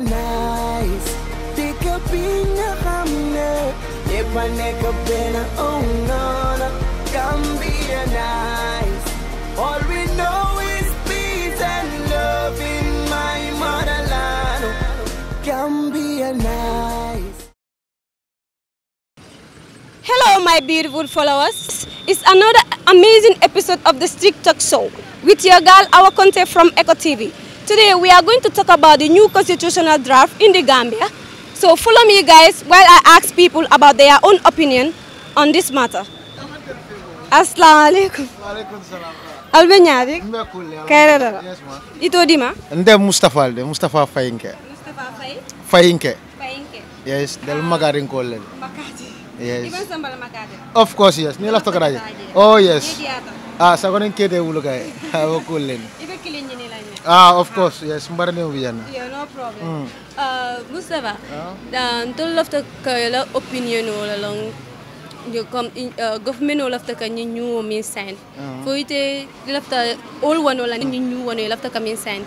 man. my beautiful followers. It's another amazing episode of the Strict Talk Show with your girl, our content from Echo TV. Today, we are going to talk about the new constitutional draft in the Gambia. So follow me, guys, while I ask people about their own opinion on this matter. Assalamu alaikum. Albenyadik. Kairera. Ito dima. Nde Mustafa alde, Mustafa Fayinke. Mustafa Fayinke. Fayinke. Yes, del magarin kollen. Makati. yes. Even sambal makate. Of course, yes. Ni lafto kadaje. Oh, yes. Ah, sagonen kete wulu kay. Awo ah, kullen. Ibe kilin ni la Ah, of ah. course, yes. Mbarne ubiyana. Yeah, no problem. Mm. Uh, Mustafa, yeah. dan tol lafto kay la opinion wala long you come in uh, eh, government all after kan new min sign fo ite lafta all one wala ñu ñu wono lafta kan min sign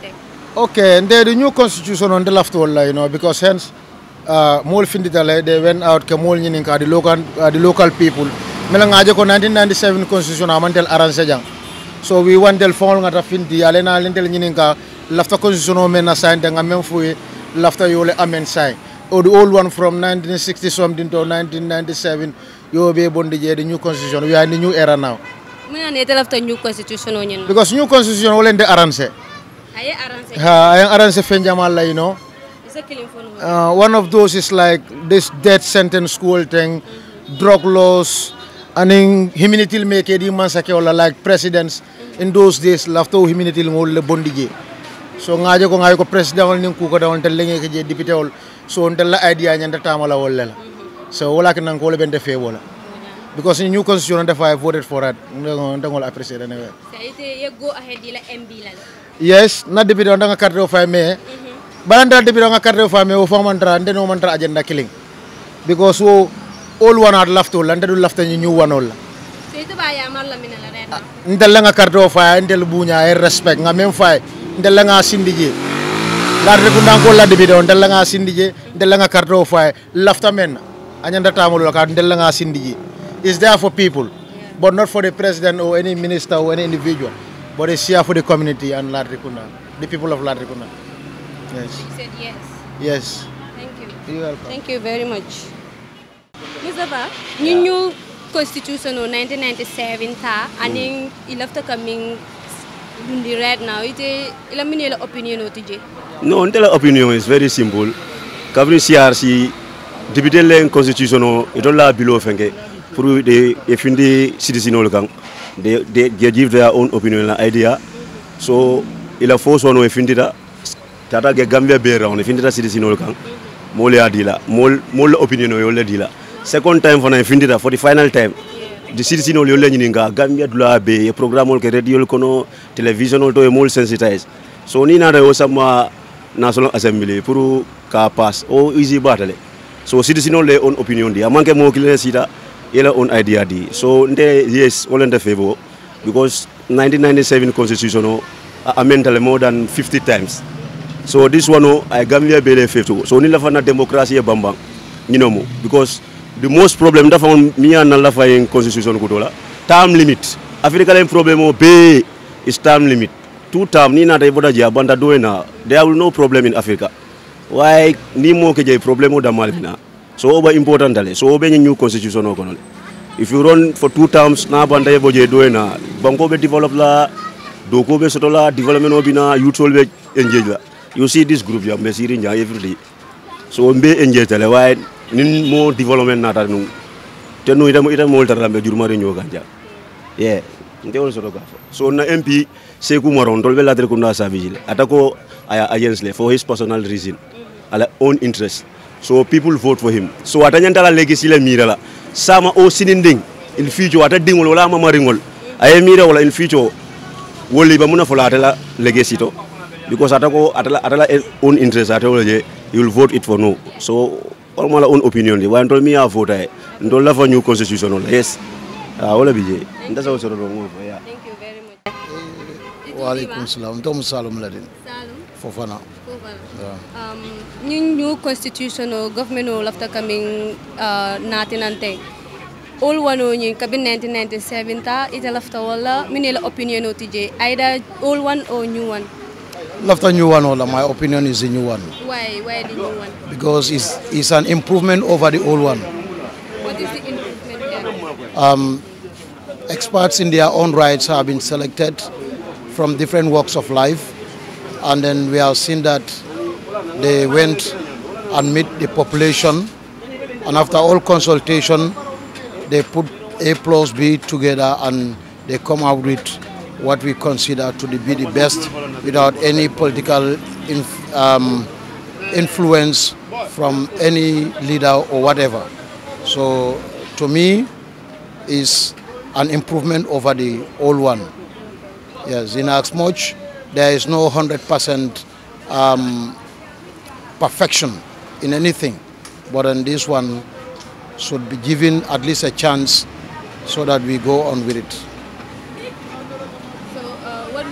okay and there the new constitution on the left wala you know because hence Uh, mol findi dalay they went out ke mol nyinin ka di local uh, the local people mela nga ko 1997 constitution amantel arrange jang so we want del fond ta findi alena lentel nyinin ka lafta constitution o men na sign nga men fuye lafta yole amen sign or the old one from 1960 something to 1997 you be bondi je de new constitution we are in the new era now Mena ne lafta new constitution o nyin because new constitution wolen de arrange aye arrange ha ay arrange fenjamal lay you know Uh, one of those is like this death sentence school thing, drug laws, and in humanity make it like presidents in those days to humanity ngol bondije so ngaje ko ngaje ko president wal ning ko dawon tel lengi je député wal so on la idea nyanda tamala wal la so wala kan ko le bende defé wala because in new constitution I voted for it, no, appreciate anyway so it go ahead ila mb la yes na député ndanga carte of me mm balanta de biranga carte fa me o mantra nde no mantra agenda killing because wo all one are left all nde do lafta ni new one all setu ba ya la min la rena nde la ngakar fa nde lu buña e respect nga même fa nde la nga sindije la de kundan ko la de bido nde la nga sindije nde la nga carte fa lafta men anyanda tamul ka nde la nga sindije is there for people but not for the president or any minister or any individual but it's here for the community and Ladrikuna, the people of Ladrikuna. Yes. He said yes. Yes. Thank you. You're welcome. Thank you very much. Mustafa, yeah. new constitution of 1997 ta, hmm. and then il coming right now, it eh, is opinion of TJ. No, the opinion is very simple. Kavni CRC, député len constitution o ito la bilo fenge pour the efindi citizen ol kan they they give their own opinion and idea so ila force wono efindi da tata ge gambia be rawne findita sidi sinol kan mol ya dila mol mol opinion yo le dila second time fana e findita for the final time di sidi sinol yo le nyininga gambia dula be e programme ol ke radio kono television to e mol sensitize so ni na rewo sama national assembly pour ka pass o easy batale so sidi sinol le on opinion dia manke mo kilene sida yela on idea di so nte yes all in favor because 1997 constitution o amended more than 50 times so this one o oh, ay gambia bele fefto so ni lafa na démocratie e bambang ñinomo because the most problem dafa on miya na lafa en constitution ko dola time limit africa len problem o oh, be is time limit two time ni na tay boda ja banda do na there will no problem in africa why ni mo ke je problem o da malina so oba important dale so obe new constitution o kono if you run for two terms na banda bo boje do na banko be develop la doko be sotola development bina youth be engage la You see this group, you are messaging every day. So mbe enjetele why nin mo development nata nu. Tenu ita ita mo ulta rambe jurma re nyoga nja. Yeah. Nte on soro gafo. So na MP seku maron dolbe la kuna sa vigile. Atako aya agents le for his personal reason. Ala own interest. So people vote for him. So atanyanta la legacy le mira la. Sama o sininding in future ata dingol wala mama ringol. Aye mira wala in future wole ba muna fola atela legacy because atako atala atala eh, own interest atawol je he will vote it for no so all mala own opinion je wan tol me ya vote ay ndol la fa new constitution yes ah wala bi je nda so so do mo fa thank you very much eh, wa alaikum salam dom salum ladin Salam. fofana Fofana. Ya. um new new constitution government o lafta coming uh, natinante all one onye kabi 1997 ta ita lafta wala minela opinion o tije either all one or new one a new one, Ola, my opinion is a new one. Why? Why the new one? Because it's, it's an improvement over the old one. What is the improvement there? Um, experts in their own rights have been selected from different walks of life. And then we have seen that they went and meet the population. And after all consultation, they put A plus B together and they come out with what we consider to be the best without any political inf um, influence from any leader or whatever. So to me, is an improvement over the old one. Yes, in Axmoch, there is no 100% um, perfection in anything, but in this one should be given at least a chance so that we go on with it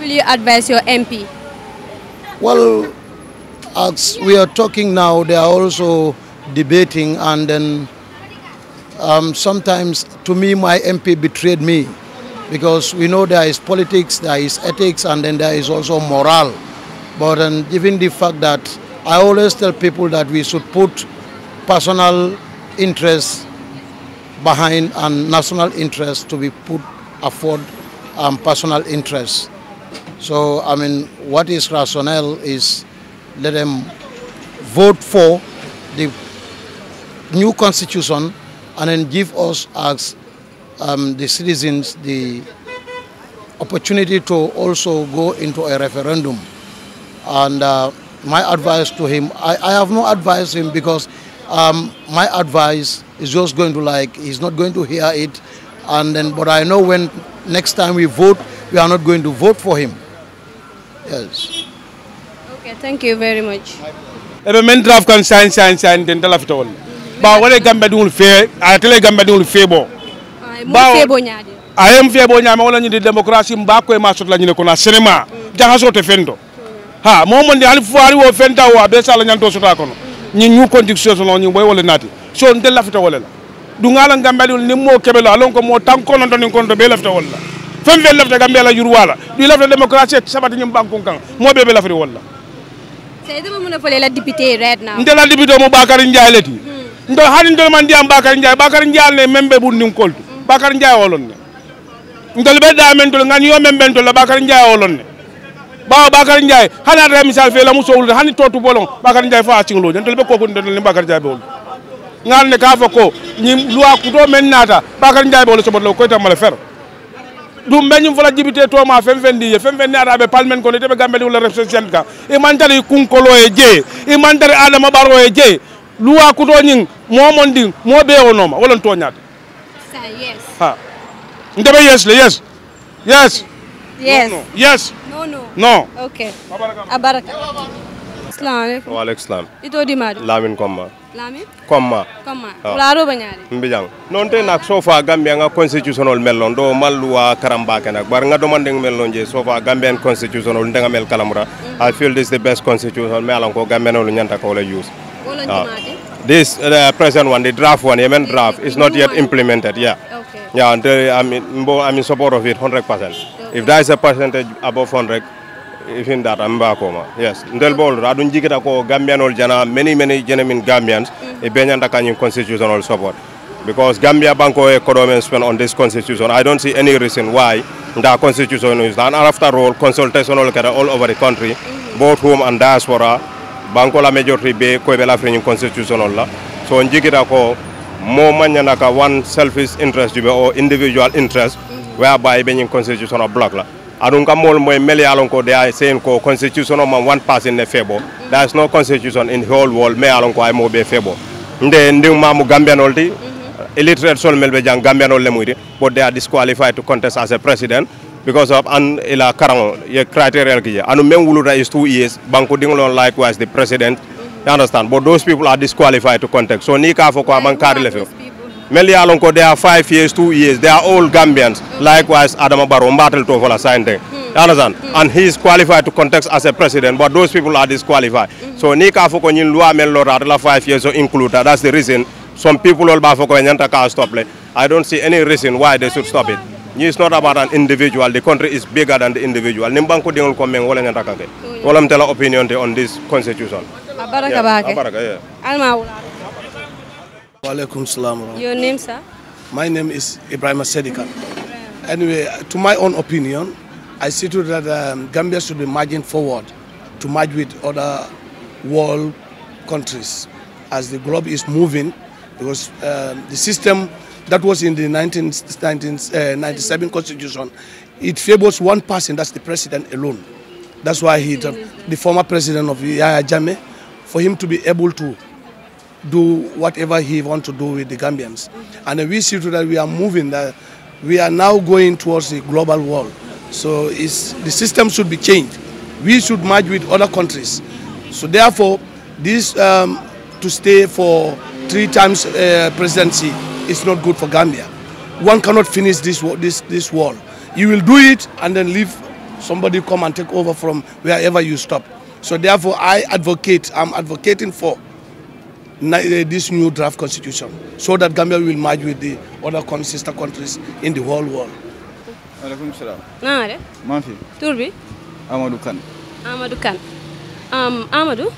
will you advise your MP? Well, as we are talking now, they are also debating and then um, sometimes to me my MP betrayed me because we know there is politics, there is ethics and then there is also morale. But um, given the fact that I always tell people that we should put personal interests behind and national interests to be put afford um, personal interests. So, I mean, what is rationale is let them vote for the new constitution and then give us as um, the citizens the opportunity to also go into a referendum. And uh, my advice to him, I, I have no advice him because um, my advice is just going to like, he's not going to hear it. And then, but I know when next time we vote, we are not going to vote for him. Yes. Okay, thank you very much. ebe men draft kan sign sign sign den dala fitawol mhm. ba wala gambe dul fe a tele gambe dul fe bo ba fe bo nyaade a yem fe bo nyaama wala ñu di démocratie mba ko ma sot la ñu ne ko na cinéma mhm. jaxa sote fendo mhm. ha mo mon di al fuari wo fenta wa be sala ñanto sota kono ñi ñu condition so ñu boy wala nati so den la fitawol la du ngala gambe dul ni mo kebe la lon ko mo tan ko ni don ko be la fitawol la fen le lafta gambia la yurwala ɗi lafta démocratie sabati ñum bankun kan moɓe ɓe lafri mëna fele la député mo bakari ndjay leti ndo hani ndo man ndiyam bakari ndjay bakari ndjal ne membe ɓurndin koltu bakari ndjay wolon ne ndol ɓe ɗamen tol gan yo membe tol la bakari ndjay wolon ne ɓawa bakary ndiaye hani re misal fe lamu sohlude hani totu bolon bakary ndiaye fo a cingloje ndol be koku ndol ni bakary ndiaye ɓe ngal ne ka fa ko ñim loi do men naata bakary so ɓe olo soɓotlo koytamala fer ɗum ɓe ñum fola jibiteetoma fenfendiye fenfenni araɓe palmen kono teɓe gambeni wala refsesien ka imantari kunkolo e jeye imantari adama ɓaro e jeye luwa kutoñin momon ɗin mo ɓeewonoma wolon toñade ha ndeɓe yes le yes yes yes yes non ok abaraka assalamu aleykum waaleykum salam ito dimaɗo lamin comma lami komma komma ah. laro banyari mbijang non te nak sofa gambia nga constitutional melon do malwa karamba kana bar nga do man deng melon je sofa gambian constitutional ndenga mel kalamura mhm. i feel this the best constitutional melan ko gambian lu nyanta ko la use ah. this uh, present one the draft one yemen draft is not yet implemented yeah okay yeah and uh, i mean i mean support of it 100% if there is a percentage above 100 ifin data mbakoma yes ndel bol adun jikita ko gambianol jana many many genuine gambians mm. Mm-hmm. e benyanda kanyin constitutional support because gambia banko e kodomen spend on this constitution i don't see any reason why the constitution is done after all consultational kada all over the country mm-hmm. both home and diaspora banko la majority be ko be la fini constitutional la so jikita ko mo manyana ka one selfish interest or individual interest mm. whereby constitution constitutional block la adun ka mol moye meleyalanko de ay sen ko constitution o one person ne febo there is no constitution in the whole world meyalanko ay be febo nde ndewmamu gambianol ti mhm. illiterate sol mel be jang gambianol le muyti bo they a disqualified to contest as a president because of an ila karango ye criteria ki je anu même wuluta is two years banko dinglon likewise the president mhm. you understand but those people are disqualified to contest so ni ka fo ko aman kari le fe ko they are five years, two years. They are all Gambians. Mm. Likewise, Adama Barrow, Mbatel Tofola, sign thing. Mm. understand? Mm. And he is qualified to contest as a president, but those people are disqualified. Mm. So ka Foko Nyin Lua la five years so that. That's the reason some people all Bafoko ka stop le I don't see any reason why they should stop it. It's not about an individual. The country is bigger than the individual. Nimbanku ko komeng wala nyanta kake. Oh, wala mtela opinion on this constitution. Abaraka yeah. Abaraka, yeah. Alma Walaikum salam. Your name, sir? My name is Ibrahim Sedika. Anyway, to my own opinion, I see to that um, Gambia should be marching forward to merge with other world countries as the globe is moving because uh, the system that was in the 1997 uh, constitution, it favors one person, that's the president alone. That's why he, the, the former president of Yaya Jame, for him to be able to do whatever he wants to do with the Gambians. And we see that we are moving, that we are now going towards the global world. So the system should be changed. We should merge with other countries. So therefore, this um, to stay for three times uh, presidency is not good for Gambia. One cannot finish this, this, this wall. You will do it and then leave somebody come and take over from wherever you stop. So therefore, I advocate, I'm advocating for this new draft constitution so that Gambia will merge with the other sister countries in the whole world. maaleykum salaam. naa nga def. bi. Amadou Kane. Amadou Kane Amadou.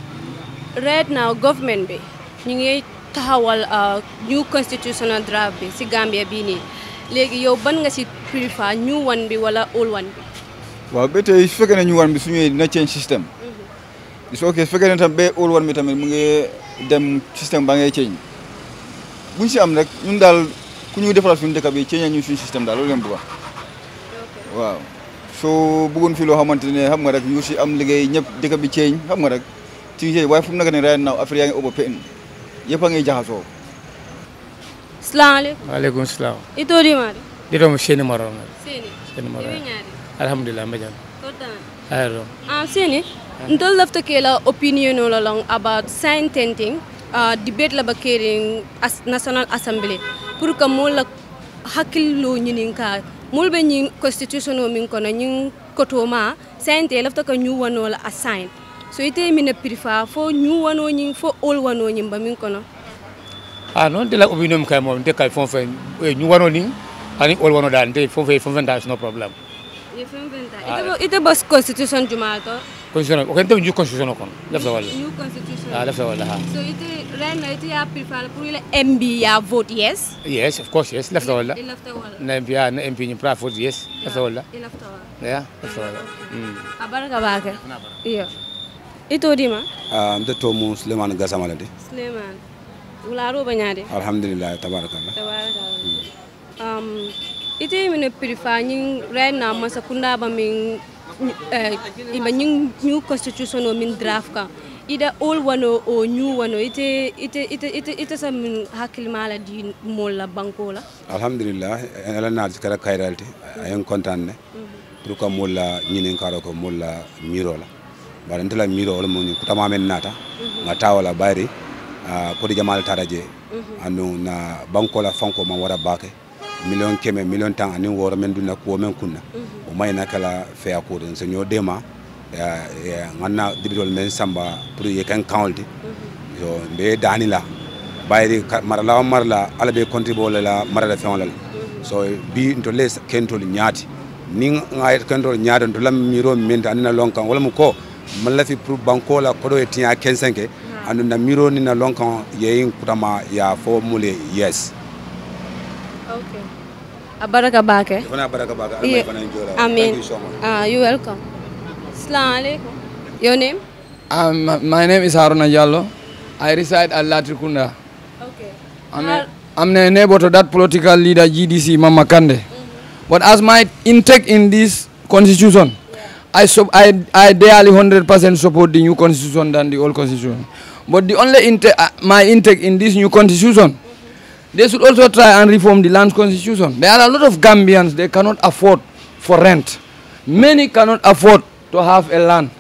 right now government bi ñu ngi taxawal uh, new constitutional draft bi si Gambia bii nii léegi yow ban nga si prefer new one bi wala old one bi. waaw ba tey su ne new one bi su ñëwee dina change système. Mm-hmm. su fekkee ne tam ba old one bi tamit mu ngi. dem système ba ngay ceeñ bu ñu si am rek ñun daal ku ñu defaraat suñu dëkk bi ceeñal ñu suñu système daal loolu leen bëgg waaw soo bëggoon fi loo xamante ne xam nga rek ñu si am liggéey ñëpp dëkk bi ceeñ xam nga rek ci ceeñ waaye fu mu nekk nii right now affaire yaa ngi ëpp peine yëpp a ngi jaxasoo. salaamaaleykum waaleykum salaam. itoo di maari. di doomu Séni Maro. Séni. Séni Maro alhamdulilah. kontaan. aywa. ah ndol lafta kela opinion along about sign tenting uh, debate la bakering as national assembly pour que mo la hakillo ñinin ka mol be ñin constitution o min kono ñin koto ma sign te lafta ka ñu wono la assign so ite min prefer fo ñu wono ñin fo all wono ñin ba min kono ah non de la opinion kay mom de kay fon fe aning wono ni ani all wono dal de fon fe fon no problem ye fon ah, ite bo eh. ite bo constitution jumato constitutionnel o kente ñu constitution kon def sa wala ñu constitution ah def sa wala ha so ite ren ite ya prefer pour ile mb ya vote yes yes of course yes def sa wala def sa wala na mb ah, na mb ñu pra vote yes def sa wala def sa wala là def sa wala mm abaraka ah, baka iyo ito dima ah mde to mu suleiman gasama la banyade alhamdulillah tabarakallah tabarakallah mm. um ite mino prefer ñing ren masakunda ba min Eh, iba ñing new constitution o min draft kan ida all wano o new wano ite ite ite ite ite sa min hakkilma mala di mola la banko la alhamdulillah eh, ala na kala kayralti ayen contane pour ko mol la ñinen karo ko mola la miro la bare ntela miro wala mo ni kutama men nata ma tawala bayri ah, ko di jamal taraje mhm. anu na banko la fanko ma wara bake million keme million tan ani wɔɔrɔ men dunna kuwo men kunna o ma ɲina kala fɛya ko de nse ɲɔ den ya n ka na dibidɔl pour ye kan kan de n bɛ daani la bayiri marala marala ala be kɔntibo la la mara la la so bi ntole kentol nyaati ni nga kentol nyaati ntola miro min ta na wala mu ko malafi pour banko la kodo e tiya kensenke andu na miro ni na lon yeyin kutama ya fo mule yes Baraka Bake. Baraka Bake. Yeah. I mean, Thank you so much. Uh, ah, you're welcome. Assalamu alaikum. Your name? Um, my name is Haruna Jallo. I reside at Latrikunda. Okay. I'm a, I'm a neighbor to that political leader, GDC, Mama Kande. Mm -hmm. But as my intake in this constitution, yeah. I, sub, I, I daily 100% support the new constitution than the old constitution. But the only intake, uh, my intake in this new constitution They should also try and reform the land constitution. There are a lot of Gambians, they cannot afford for rent. Many cannot afford to have a land.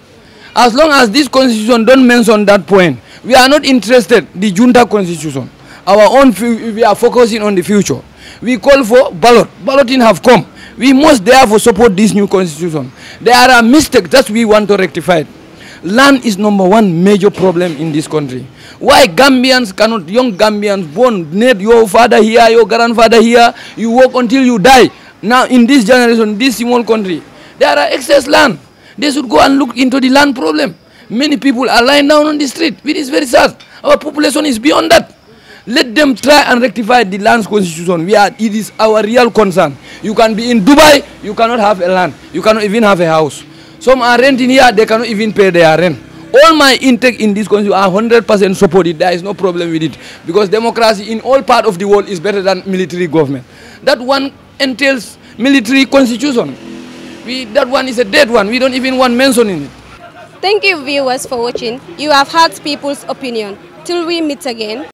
As long as this constitution don't mention that point, we are not interested the junta constitution. Our own, we are focusing on the future. We call for ballot. Balloting have come. We must therefore support this new constitution. There are a mistake that we want to rectify. Land is number one major problem in this country. Why Gambians cannot, young Gambians born, need your father here, your grandfather here, you work until you die. Now in this generation, this small country, there are excess land. They should go and look into the land problem. Many people are lying down on the street, which is very sad. Our population is beyond that. Let them try and rectify the land constitution. We are, it is our real concern. You can be in Dubai, you cannot have a land. You cannot even have a house. Some are renting here, they cannot even pay their rent all my intake in this country are 100% supported. There is no problem with it. Because democracy in all part of the world is better than military government. That one entails military constitution. We, that one is a dead one. We don't even want mentioning it. Thank you viewers for watching. You have heard people's opinion. Till we meet again.